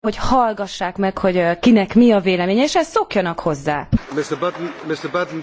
hogy hallgassák meg, hogy kinek mi a véleménye, és ezt szokjanak hozzá. Mr. Button, Mr. Button,